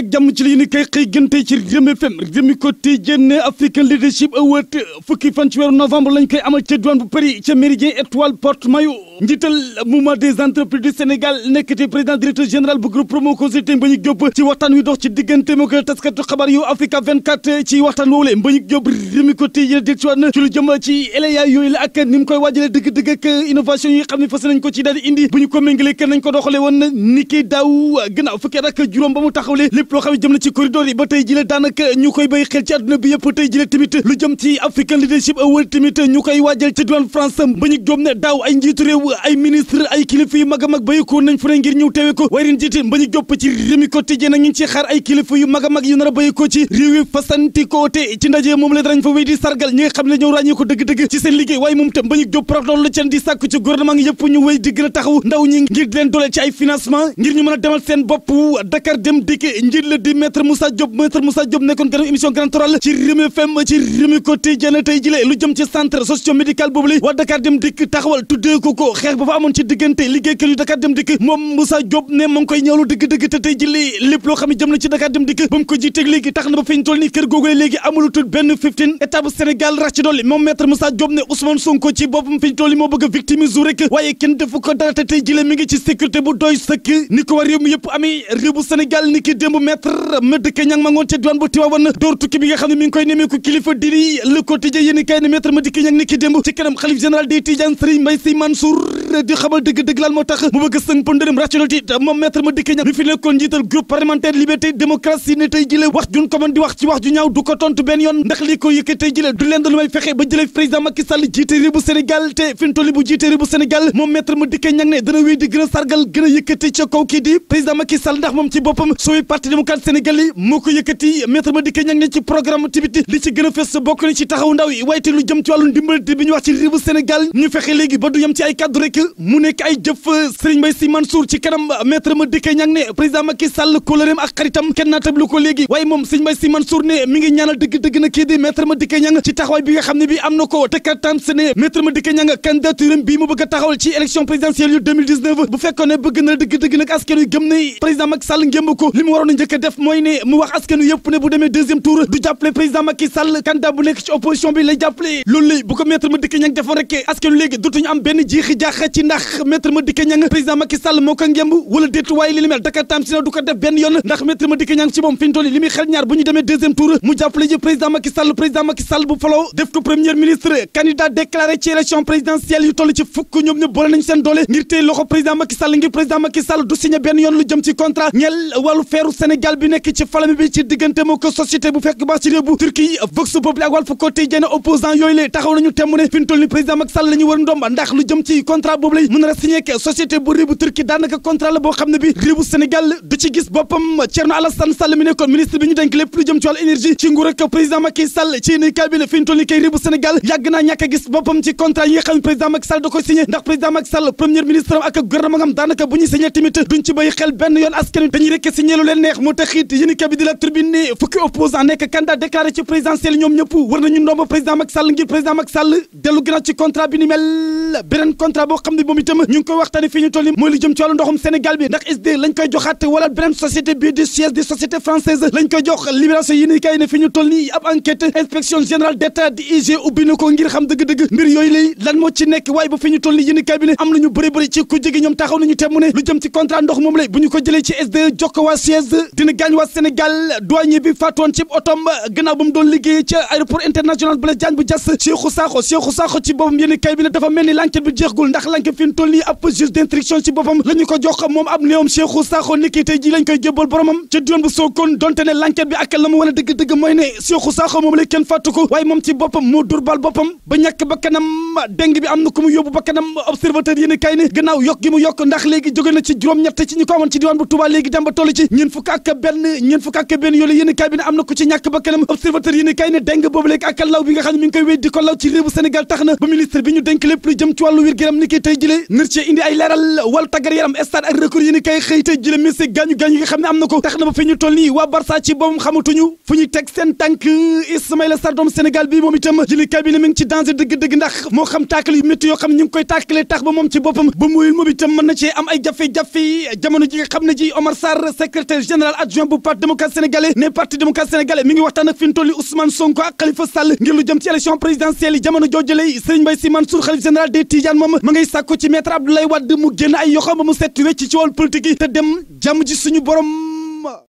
nag jàmm ci li ni kay xëy gënte ci Rewmi FM Rewmi Quotidien ne African Leadership Award fukki fan ci weeru novembre lañ koy amal ca douane bu Paris ca Méridien Étoile Porte Maillot njiital mouvement des entreprises du Sénégal nekk ci président directeur général bu groupe Promo Consulting Mbagnick Diop ci waxtaan wi dox ci diggante moo ko taskatu xabaar yu Africa ci waxtaan woowule Mbagnick Diop Rewmi Quotidien dil ci waat na ci lu jëm ci éléya yooyu la ak ni mu koy waajalee dëgg ba mu taxawlee lépp lépp xam ne jëm na ci corridor yi ba tey jile daanaka ñu koy béy xel ci àdduna bi yëpp tey jile tamit lu jëm ci African Leadership Award tamit ñu koy waajal ci diwaan France ba ñu ne daaw ay njiitu réew ministre ay kilifa yu mag mag béyikoo nañ fu ne ngir ñëw teewe ko waaye ren jiite jopp ci Rewmi Quotidien ngi ci xaar ay kilifa yu mag mag yu nar a ci réew yi ci ndaje moom la darañ fa wéy di sargal ñi nga xam ko njiit di maître Moussa Diop maître Moussa Diop nekkoon ganam émission Grand ci Rewmi FM ci Rewmi Quotidien tey jile lu jëm ci centre socio ko ko te tey jile lépp loo ci Dakar dem dikk ba mu ko jiiteeg léegi tax na ba fi ñu toll nii kër googu bu Sénégal rax ci dolli moom maître Moussa ci boppam fi ñu toll moo bëgg a victimiser rek waaye kenn defu ko dara te tey jile mi ngi ci sécurité bu doy sëkk ni ko war réew mi yëpp amee réew bu Sénégal ni ki démb maître Madické ma ngoon ca diwaan bu Tivaouane door tukki bi nga xam ne mi ngi koy nemeeku kilifa dini Le Quotidien yéen i kaay ne maître Madické Niang ni ki démb ci kanam xalif général des Tidianes retraite di xamal dëgg-dëgg lan moo tax mu bëgg sën pëndërëm rationalité moom moom maître ma dikk ñag ne ci programme tibiti li ci gën a fës ci taxaw ndaw yi waaye lu jëm ci wàllu ndimbalite bi ñu wax ci réew Sénégal ñu fexe léegi ba du yem ci ay kaddu rek mu nekk ay jëf Serigne Mbaye Sy Mansour ci kanam maître ma dëkkee ñang ne président ma dëkkee Sall ngémb bu nekk ci opposition bi lay jàppale loolu lay bu ko maître ma dëkkee ñang defoon rek askan wi léegi dootuñu am benn jiixi jaaxa ci ndax maître Madické Niang président Macky Sall moo ko ngémb wala déet waaye li li mel Dakar Times dina du ko def benn yoon ndax maître Madické Niang ci moom fi ñu toll li bu ñu demee deuxième tour mu jàppale ji président Macky Sall président Macky Sall bu faloo def ko premier ministre candidat déclaré ci élection présidentielle yu toll ci fukk ñoom ñu boole nañu seen doole ngir tey loxo président Macky Sall ngir président Macky Sall boobu lay mën a signé société bu réew bu daanaka contrat boo xam ne bi réewu Sénégal du ci gis boppam Thierno Alassane Sall mi nekkoon ministre bi ñu denk lépp lu jëm ci wàllu énergie ci nguur ak ci yéen kay bi la fi ñu toll Sénégal yàgg naa gis boppam ci contrat yi nga xam ne ndax président Macky Sall premier ministre am ak am daanaka bu ñuy signé tamit duñ ci bàyyi xel benn yoon askan bi di la tribune fukki xam ne moom itam ñu koy waxtaane fii ñu mooy lu jëm ci wàllu ndoxum Sénégal bi ndax SDE lañ koy joxaat wala beneen société bii di siège di société française lañ koy jox libération yi ni kay ne fi ñu toll ab enquête inspection générale d'état di IG ubbi na ko ngir xam dëgg-dëgg mbir yooyu lay lan ci nekk waaye ba fi ñu toll nii kay bi ne am nañu bëri ci ku jege ñoom taxaw nañu temm ne lu jëm ci contrat ndox moom lay bu ñu ko jëlee Mbanke fi toll nii ab juge d'instruction ci boppam la ko jox moom ab néewam Cheikhou Sakho ni ki ji lañ koy jébbal boromam ca diwaan bu Sokone donte ne l'enquête bi ak law bi nga xam ne koy wéy ko law ci réewu Sénégal tax na ba ministre bi ñu dénk lépp lu jëm ci wàllu wér-gu-yaram ni tey jile nar cee indi ay leeral wala taggat yaram stade ak yi ni kay xëy jile Messi gaañu gaañu yi xam ne am na ko tax na ba fi toll nii waa Barça ci boppam xamatuñu fu ñuy teg seen tànk Ismaïla Sarr Sénégal bi moom itam jili kay ci am ay jafe-jafe jamono ji xam ne ji Omar Sarr secrétaire général adjoint bu parti démocrate sénégalais ne parti démocrate sénégalais mi ngi waxtaan ak fi toll nii Ousmane Sonko ak Khalifa Sall ngir lu jëm ci élection sàkku ci maître Abdoulaye Wade mu génn ay yoxam ba mu set wecc ci wàllu politique yi te dem jàmm suñu borom